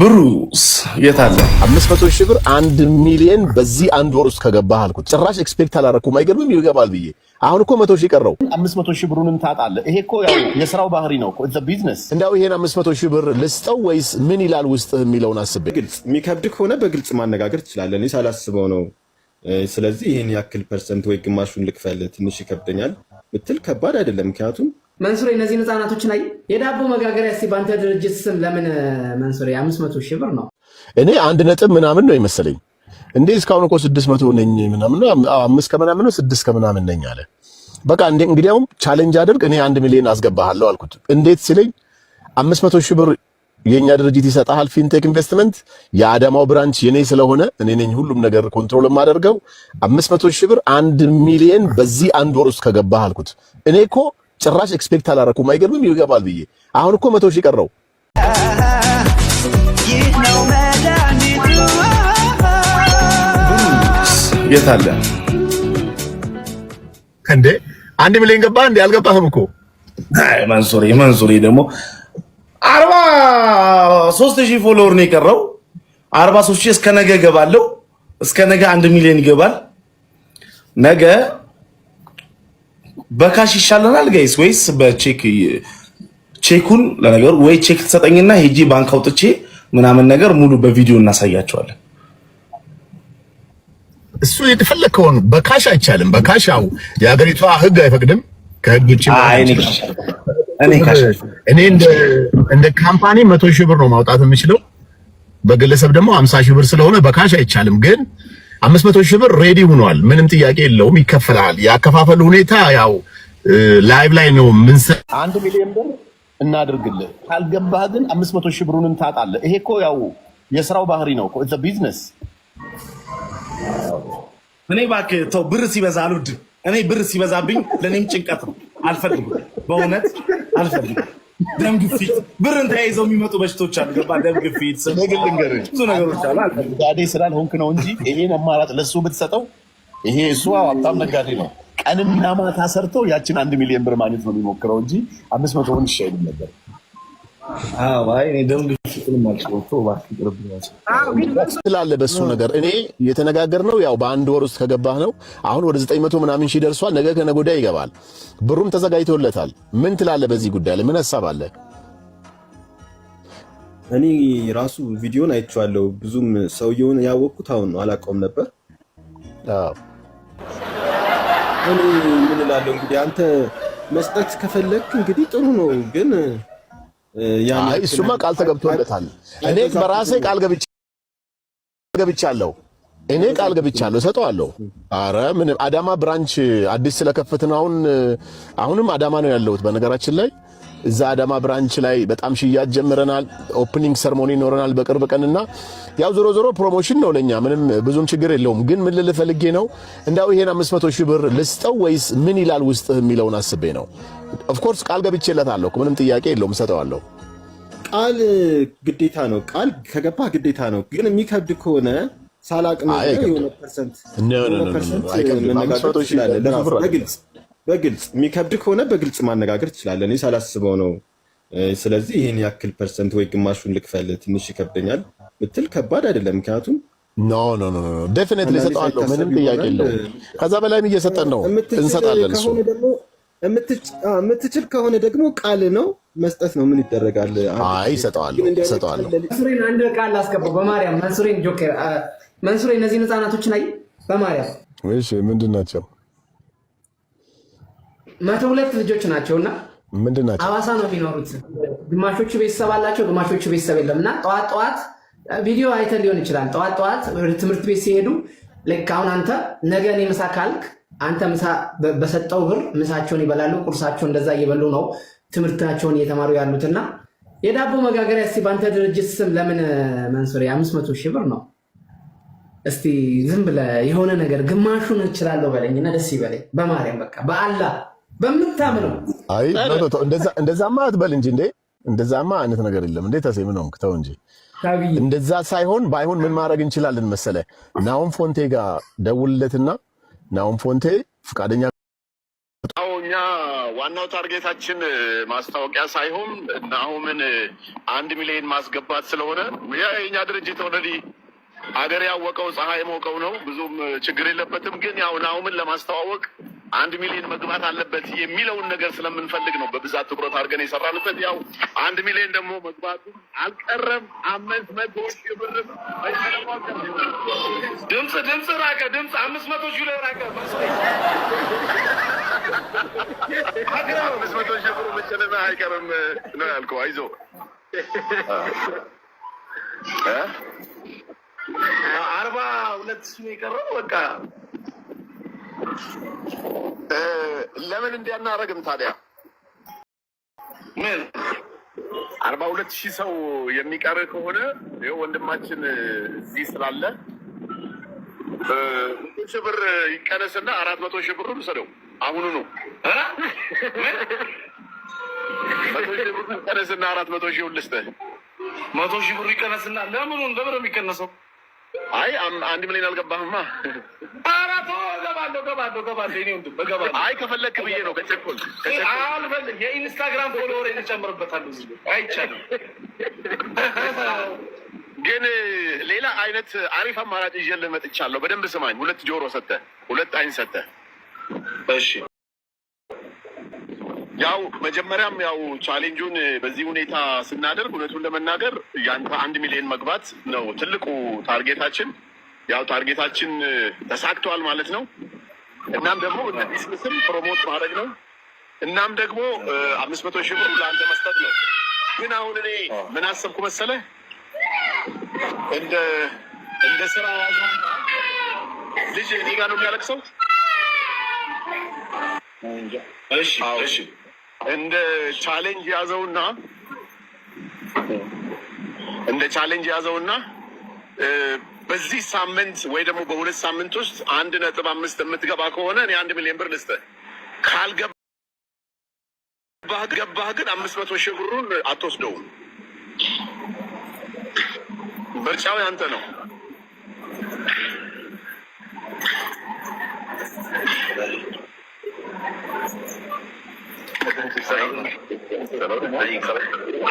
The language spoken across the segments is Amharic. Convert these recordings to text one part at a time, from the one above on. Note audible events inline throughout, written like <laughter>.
ብሩስ የት አለ? አምስት መቶ ሺህ ብር አንድ ሚሊየን በዚህ አንድ ወር ውስጥ ከገባህ አልኩት። ጭራሽ ኤክስፔክት አላደረኩም። አይገርምም? ይገባል ብዬ አሁን እኮ መቶ ሺህ ቀረው። አምስት መቶ ሺህ ብሩንም ታጣለህ። ይሄ እኮ ያው የስራው ባህሪ ነው፣ እኮ ቢዝነስ። እንዲያው ይሄን አምስት መቶ ሺህ ብር ልስጠው ወይስ ምን ይላል ውስጥህ የሚለውን አስቤ፣ ግልጽ የሚከብድ ከሆነ በግልጽ ማነጋገር ትችላለን። እኔ ሳላስበው ነው። ስለዚህ ይህን ያክል ፐርሰንት ወይ ግማሹን ልክፈል ትንሽ ይከብደኛል ብትል ከባድ አይደለም፣ ምክንያቱም መንሱሬ እነዚህን ህፃናቶችን አይ የዳቦ መጋገሪያ እስኪ በአንተ ድርጅት ስም ለምን መንሱሬ አምስት መቶ ሺህ ብር ነው እኔ አንድ ነጥብ ምናምን ነው ይመስለኝ እንዴ እስካሁን እኮ ስድስት መቶ ነኝ ምናምን አምስት ከምናምን ነው ስድስት ከምናምን ነኝ አለ በቃ እንዴ እንግዲያውም ቻሌንጅ አድርግ እኔ አንድ ሚሊዮን አስገባሃለሁ አልኩት እንዴት ሲለኝ አምስት መቶ ሺህ ብር የእኛ ድርጅት ይሰጣሃል ፊንቴክ ኢንቨስትመንት የአዳማው ብራንች የኔ ስለሆነ እኔ ነኝ ሁሉም ነገር ኮንትሮል የማደርገው አምስት መቶ ሺህ ብር አንድ ሚሊዮን በዚህ አንድ ወር ውስጥ ከገባህ አልኩት እኔ እኮ ጭራሽ ኤክስፔክት አላረኩም። አይገርምም? ይገባል ብዬ አሁን እኮ መቶ ሺህ ቀረው። የት አለ እንዴ? አንድ ሚሊዮን ገባ እንዴ? አልገባህም እኮ አይ መንሱሬ፣ መንሱሬ ደግሞ አርባ ሦስት ሺህ ፎሎወር ነው የቀረው። አርባ ሦስት ሺህ እስከ ነገ ገባለው። እስከ ነገ አንድ ሚሊዮን ይገባል ነገ በካሽ ይሻለናል ጋይስ ወይስ በቼክ? ቼኩን ለነገሩ ወይ ቼክ ትሰጠኝና ሄጂ ባንክ አውጥቼ ምናምን ነገር ሙሉ በቪዲዮ እናሳያቸዋለን። እሱ የተፈለከውን በካሽ አይቻልም። በካሻው የሀገሪቷ ህግ አይፈቅድም። ከህግ ውጭ እኔ እንደ ካምፓኒ መቶ ሺህ ብር ነው ማውጣት የምችለው። በግለሰብ ደግሞ ሀምሳ ሺህ ብር ስለሆነ በካሽ አይቻልም ግን አምስት መቶ ሺህ ብር ሬዲ ሆኗል። ምንም ጥያቄ የለውም፣ ይከፈላል። ያከፋፈል ሁኔታ ያው ላይቭ ላይ ነው። ምን አንድ ሚሊዮን ብር እናድርግልህ፣ ካልገባህ ግን አምስት መቶ ሺህ ብሩንም ታጣለህ። ይሄ እኮ ያው የስራው ባህሪ ነው እኮ ቢዝነስ። እኔ እባክህ ተው፣ ብር ሲበዛ አልወድም። እኔ ብር ሲበዛብኝ ለእኔም ጭንቀት ነው። አልፈልግም፣ በእውነት አልፈልግም። ደም ግፊት ብርን ተያይዘው የሚመጡ በሽቶች አሉ። ገባ ደም ግፊት ስግል ንገርህ ብዙ ነገሮች አሉ። ነጋዴ ስላልሆንክ ነው እንጂ ይሄን አማራጭ ለሱ ብትሰጠው ይሄ እሱ ሀብታም ነጋዴ ነው። ቀንና ማታ ሰርተው ያችን አንድ ሚሊዮን ብር ማግኘት ነው የሚሞክረው እንጂ አምስት መቶውን ይሻይልም ነበር። ስላለ በሱ ነገር እኔ የተነጋገር ነው። ያው በአንድ ወር ውስጥ ከገባህ ነው። አሁን ወደ ዘጠኝ መቶ ምናምን ሺህ ደርሷል። ነገ ከነገ ወዲያ ይገባል። ብሩም ተዘጋጅቶለታል። ምን ትላለ? በዚህ ጉዳይ ላይ ምን ሀሳብ አለ? እኔ ራሱ ቪዲዮን አይቼዋለሁ። ብዙም ሰውየውን ያወቅኩት አሁን ነው፣ አላውቀውም ነበር። እኔ ምን እላለሁ እንግዲህ አንተ መስጠት ከፈለክ እንግዲህ ጥሩ ነው ግን እሱማ ቃል ተገብቶለታል። እኔ በራሴ ቃል ገብቻለሁ። እኔ ቃል ገብቻለሁ፣ እሰጠዋለሁ። አረ ምንም አዳማ ብራንች አዲስ ስለከፈትን አሁን አሁንም አዳማ ነው ያለሁት። በነገራችን ላይ እዛ አዳማ ብራንች ላይ በጣም ሽያጭ ጀምረናል። ኦፕኒንግ ሰርሞኒ ይኖረናል በቅርብ ቀንና ያው ዞሮ ዞሮ ፕሮሞሽን ነው ለኛ ምንም ብዙም ችግር የለውም። ግን ምን ልልህ ፈልጌ ነው እንዳው ይሄን 500 ሺህ ብር ልስጠው ወይስ ምን ይላል ውስጥ የሚለውን አስቤ ነው ኦፍኮርስ ቃል ገብቼለታለሁ። ምንም ጥያቄ የለውም፣ እሰጠዋለሁ። ቃል ግዴታ ነው። ቃል ከገባ ግዴታ ነው። ግን የሚከብድ ከሆነ ሳላቅ በግልጽ የሚከብድ ከሆነ በግልጽ ማነጋገር ትችላለን። እኔ ሳላስበው ነው። ስለዚህ ይህን ያክል ፐርሰንት ወይ ግማሹን ልክፈል ትንሽ ይከብደኛል ምትል ከባድ አይደለም። ምክንያቱም ኖ ኖ ኖ እሰጠዋለሁ። ምንም ጥያቄ የለውም። ከዛ በላይም እየሰጠን ነው፣ እንሰጣለን እሱ የምትችል ከሆነ ደግሞ ቃል ነው መስጠት ነው። ምን ይደረጋል? አይ እሰጠዋለሁ፣ መንሱሬን አንድ ቃል አስገባው በማርያም መንሱሬን፣ ጆኬር መንሱሬን፣ እነዚህን ህፃናቶችን አይ በማርያም እሺ፣ ምንድን ናቸው? መቶ ሁለት ልጆች ናቸው እና ምንድን ናቸው? ሐዋሳ ነው የሚኖሩት። ግማሾቹ ቤተሰብ አላቸው፣ ግማሾቹ ቤተሰብ የለም እና ጠዋት ጠዋት ቪዲዮ አይተን ሊሆን ይችላል። ጠዋት ጠዋት ትምህርት ቤት ሲሄዱ ልክ አሁን አንተ ነገ እኔ ምሳ ካልክ አንተ በሰጠው ብር ምሳቸውን ይበላሉ። ቁርሳቸውን እንደዛ እየበሉ ነው ትምህርታቸውን እየተማሩ ያሉትና የዳቦ መጋገሪያ እስቲ በአንተ ድርጅት ስም ለምን መንሱር የአምስት መቶ ሺህ ብር ነው? እስቲ ዝም ብለህ የሆነ ነገር ግማሹን እችላለሁ በለኝና ደስ ይበለኝ። በማርያም በቃ በአላ በምታምነው። አይ እንደዛማ አትበል እንጂ እንዴ! እንደዛማ አይነት ነገር የለም እንዴ! ተሴም ነው ተው እንጂ እንደዛ ሳይሆን ባይሆን ምን ማድረግ እንችላለን መሰለ ናሁን ፎንቴ ጋር ደውልለትና ናሁም ፎንቴ ፈቃደኛ እኛ ዋናው ታርጌታችን ማስታወቂያ ሳይሆን ናሆምን አንድ ሚሊዮን ማስገባት ስለሆነ የኛ ድርጅት ኦልሬዲ አገር ያወቀው ፀሐይ ሞቀው ነው። ብዙም ችግር የለበትም። ግን ያው ናሁምን ለማስተዋወቅ አንድ ሚሊዮን መግባት አለበት የሚለውን ነገር ስለምንፈልግ ነው በብዛት ትኩረት አድርገን የሰራንበት። ያው አንድ ሚሊዮን ደግሞ መግባቱ አልቀረም። አምስት መቶ ሺህ ብር ድምፅ ድምፅ ራቀ ድምፅ አምስት መቶ ሺህ ላይ ራቀ። አምስት መቶ ሺህ ብሩ መቸለም አይቀርም ነው ያልከው። አይዞ አርባ ሁለት ሺህ ነው የቀረው በቃ ለምን እንዲያናረግም ታዲያ ምን አርባ ሁለት ሺህ ሰው የሚቀር ከሆነ ይኸው ወንድማችን እዚህ ስላለ ሺህ ብር ይቀነስና አራት መቶ ሺህ ብሩን ውሰደው አሁኑ ነው። መቶ ሺህ ብሩ ይቀነስና አራት መቶ ሺህ ልስጠህ። መቶ ሺህ ብሩ ይቀነስና ለምኑ ለምን የሚቀነሰው? አይ አንድ ሚሊዮን አልገባህማ። አራቶ ገባለሁ ገባለሁ ገባለሁ እኔ ወንድም እገባለሁ። አይ ከፈለክ ብዬ ነው ከቸኮል አልፈልግ። የኢንስታግራም ፎሎወር እንጨምርበታለሁ አይቻልም። ግን ሌላ አይነት አሪፍ አማራጭ ይዤልህ መጥቻለሁ። በደንብ ስማኝ። ሁለት ጆሮ ሰጠህ፣ ሁለት አይን ሰጠህ። እሺ ያው መጀመሪያም ያው ቻሌንጁን በዚህ ሁኔታ ስናደርግ እውነቱን ለመናገር ያንተ አንድ ሚሊዮን መግባት ነው ትልቁ ታርጌታችን። ያው ታርጌታችን ተሳክተዋል ማለት ነው። እናም ደግሞ እነዚህ ስም ፕሮሞት ማድረግ ነው። እናም ደግሞ አምስት መቶ ሺህ ብር ለአንተ መስጠት ነው። ግን አሁን እኔ ምን አሰብኩ መሰለህ እንደ እንደ ስራ ልጅ እኔ ጋር ነው የሚያለቅሰው። እሺ እሺ እንደ ቻሌንጅ ያዘውና እንደ ቻሌንጅ ያዘውና በዚህ ሳምንት ወይ ደግሞ በሁለት ሳምንት ውስጥ አንድ ነጥብ አምስት የምትገባ ከሆነ እኔ አንድ ሚሊዮን ብር ልስጥህ። ካልገባህ ገባህ ግን አምስት መቶ ሺህ ብሩን አትወስደውም። ምርጫው ያንተ ነው።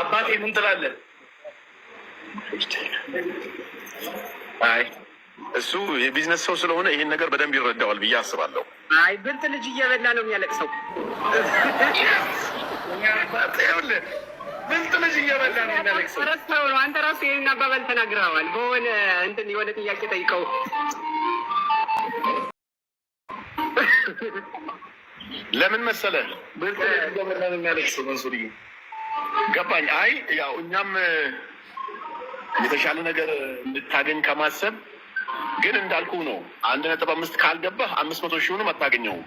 አባቴ ምን ትላለህ? አይ እሱ የቢዝነስ ሰው ስለሆነ ይህን ነገር በደንብ ይረዳዋል ብዬ አስባለሁ። አይ ብርት ልጅ እየበላ ነው የሚያለቅሰው። ብልጥ ልጅ እየበላ ነው የሚያለቅሰው። አንተ ራሱ ይህን አባባል ተናግረዋል። በሆነ እንትን የሆነ ጥያቄ ጠይቀው ለምን መሰለህ ገባኝ። አይ ያው እኛም የተሻለ ነገር እንድታገኝ ከማሰብ ግን እንዳልኩ ነው። አንድ ነጥብ አምስት ካልገባህ አምስት መቶ ሺሁንም አታገኘውም።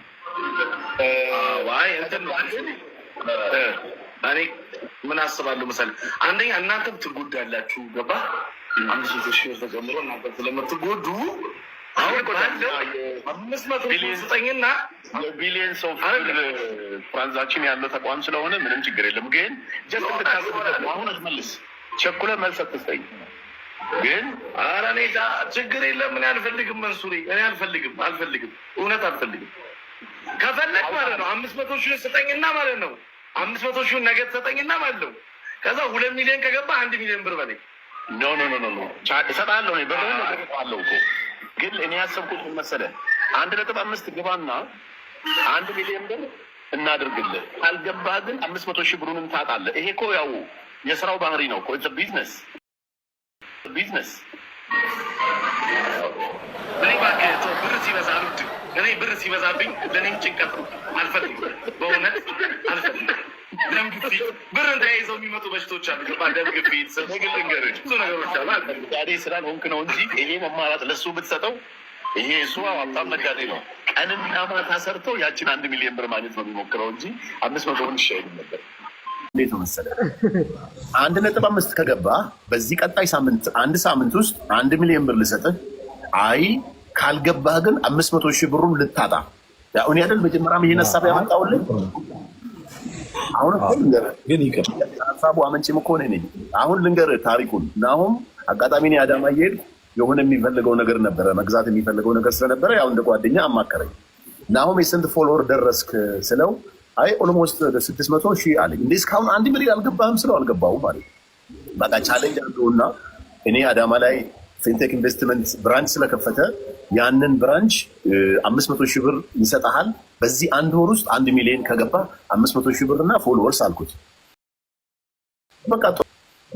እኔ ምን አስባለሁ መሰለህ፣ አንደኛ እናንተም ትጎዳላችሁ። ገባህ? አምስት መቶ ሺህ ተጨምሮ እናንተ ስለምትጎዱ አሁን ባለው ትራንዛክሽን ያለው ተቋም ስለሆነ ምንም ችግር የለም። ግን ቸኩለ መልስ አትስጠኝ። ግን ኧረ እኔ ችግር የለም እኔ አልፈልግም፣ መንሱሪ እኔ አልፈልግም፣ አልፈልግም፣ እውነት አልፈልግም። ከፈለግ ማለት ነው አምስት መቶ ሺህ ስጠኝና ማለት ነው አምስት መቶ ሺህ ነገ ትሰጠኝና ማለት ነው። ከዛ ሁለት ሚሊዮን ከገባ አንድ ሚሊዮን ብር በላይ ኖ ኖ ኖ ኖ እሰጥሃለሁ እኔ በደንብ እሰጥሃለሁ እኮ ግን እኔ ያሰብኩት መሰለ አንድ ነጥብ አምስት ግባና አንድ ሚሊዮን ብር እናድርግልህ። ካልገባህ ግን አምስት መቶ ሺህ ብሩን ታጣለህ። ይሄ እኮ ያው የስራው ባህሪ ነው እኮ ቢዝነስ ቢዝነስ እኔ ብር ሲበዛ እኔ ብር ሲበዛብኝ ለእኔም ጭንቀት ነው። አልፈልግም፣ በእውነት አልፈልግም። ደም ግፊት ብርን ተያይዘው የሚመጡ በሽቶች አሉ። ገባ ደም ግፊት፣ ስግል ብዙ ነገሮች አሉ። ነው እንጂ ይሄ መማራት ለሱ ብትሰጠው ይሄ እሱ ሀብታም ነጋዴ ነው። ቀንና ማታ ያችን አንድ ሚሊዮን ብር ማግኘት ነው የሚሞክረው እንጂ አምስት መቶ ብር ይሻል ነበር። እንዴት ነው አንድ ነጥብ አምስት ከገባ በዚህ ቀጣይ ሳምንት አንድ ሳምንት ውስጥ አንድ ሚሊዮን ብር ልሰጥህ። አይ ካልገባህ ግን አምስት መቶ ሺህ ብሩን ልታጣ። እኔ አይደል መጀመሪያም ሀሳብ አሁን ግን ይቅር ሀሳቡ አመንጭም እኮ ነኝ። አሁን ልንገርህ ታሪኩን እናሁም አጋጣሚ እኔ አዳማ እየሄድኩ የሆነ የሚፈልገው ነገር ነበረ፣ መግዛት የሚፈልገው ነገር ስለነበረ ያው እንደ ጓደኛ አማከረኝ። እናሁም የስንት ፎሎወር ደረስክ ስለው አይ ኦልሞስት ስድስት መቶ ሺህ አለኝ። እንደ እስካሁን አንድ ሚሊዮን አልገባህም ስለው አልገባሁም ማለት በቃ ቻሌንጅ አድርገውና እኔ አዳማ ላይ ፊንቴክ ኢንቨስትመንት ብራንች ስለከፈተ ያንን ብራንች አምስት መቶ ሺህ ብር ይሰጠሃል። በዚህ አንድ ወር ውስጥ አንድ ሚሊዮን ከገባ አምስት መቶ ሺህ ብር እና ፎሎወርስ አልኩት።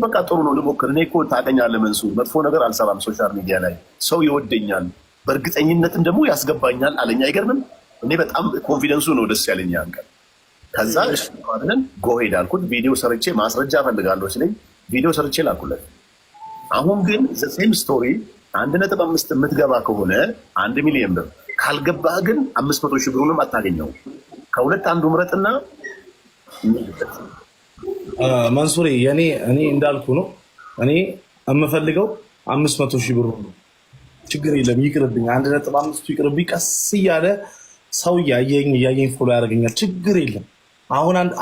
በቃ ጥሩ ነው ልሞክር። እኔ እኮ ታገኛለህ መንሱር፣ መጥፎ ነገር አልሰራም። ሶሻል ሚዲያ ላይ ሰው ይወደኛል፣ በእርግጠኝነትም ደግሞ ያስገባኛል አለኝ። አይገርምም? እኔ በጣም ኮንፊደንሱ ነው ደስ ያለኝ ያን ቀን። ከዛ እሺ ብለን ጎሄድ አልኩት። ቪዲዮ ሰርቼ ማስረጃ እፈልጋለሁ ሲለኝ ቪዲዮ ሰርቼ ላኩለት። አሁን ግን ዘሴም ስቶሪ አንድ ነጥብ አምስት የምትገባ ከሆነ አንድ ሚሊዮን ብር ካልገባህ ግን አምስት መቶ ሺህ ብሩንም አታገኘው። ከሁለት አንዱ ምረጥና መንሱሬ፣ የኔ እኔ እንዳልኩ ነው። እኔ የምፈልገው አምስት መቶ ሺህ ብሩ ነው። ችግር የለም ይቅርብኝ። አንድ ነጥብ አምስቱ ይቅርብኝ። ቀስ እያለ ሰው እያየኝ እያየኝ ፎሎ ያደርገኛል። ችግር የለም።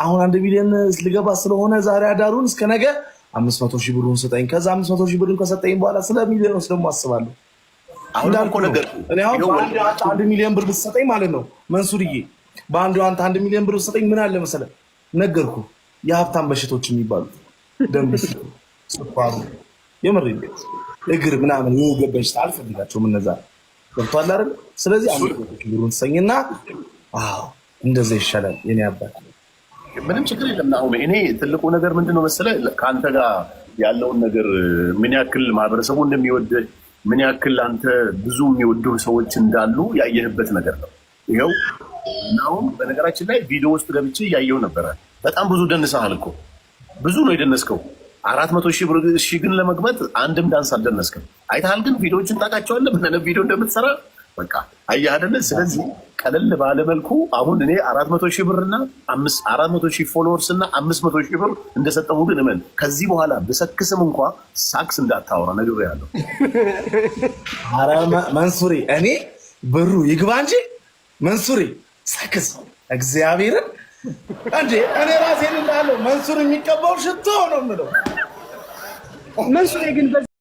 አሁን አንድ ሚሊዮን ልገባ ስለሆነ ዛሬ አዳሩን እስከ ነገ አምስት መቶ ሺህ ብሩን ስጠኝ። ከዛ አምስት መቶ ሺህ ብሩን ከሰጠኝ በኋላ ስለ ሚሊዮኖች ደግሞ አስባለሁ። አንድ ሚሊዮን ብር ብትሰጠኝ ማለት ነው መንሱርዬ፣ በአንድ አንተ አንድ ሚሊዮን ብር ብትሰጠኝ ምን አለ መሰለህ፣ ነገርኩ የሀብታም በሽቶች የሚባሉት ደንብ በሽታ፣ ስኳሩ፣ የምር እግር ምናምን የወገብ በሽታ አልፈልጋቸውም። እነዛ ገብቶሃል አይደል? ስለዚህ አንድ ብሩን ትሰኝና እንደዛ ይሻላል የኔ አባት ምንም ችግር የለም። አሁን እኔ ትልቁ ነገር ምንድነው መሰለ ከአንተ ጋር ያለውን ነገር ምን ያክል ማህበረሰቡ እንደሚወድ ምን ያክል አንተ ብዙ የሚወዱ ሰዎች እንዳሉ ያየህበት ነገር ነው። ይኸው አሁን በነገራችን ላይ ቪዲዮ ውስጥ ገብቼ እያየው ነበረ። በጣም ብዙ ደንሰሃል እኮ ብዙ ነው የደነስከው። አራት መቶ ሺህ ግን ለመግባት አንድም ዳንስ አልደነስክም። አይተሃል ግን ቪዲዮዎችን ታውቃቸዋለህ ምን ቪዲዮ እንደምትሰራ በቃ አየህ አይደለ? ስለዚህ ቀለል ባለመልኩ አሁን እኔ አራት መቶ ሺህ ብር እና አራት መቶ ሺህ ፎሎወርስ እና አምስት መቶ ሺህ ብር እንደሰጠው ግን እመን ከዚህ በኋላ ብሰክስም እንኳ ሳክስ እንዳታወራ ነግሬሃለሁ። ያለው <laughs> መንሱሪ፣ እኔ ብሩ ይግባ እንጂ መንሱሪ ሳክስ እግዚአብሔርን እንዴ እኔ ራሴን እንዳለው መንሱር የሚቀባው ሽቶ ነው የምለው መንሱሬ ግን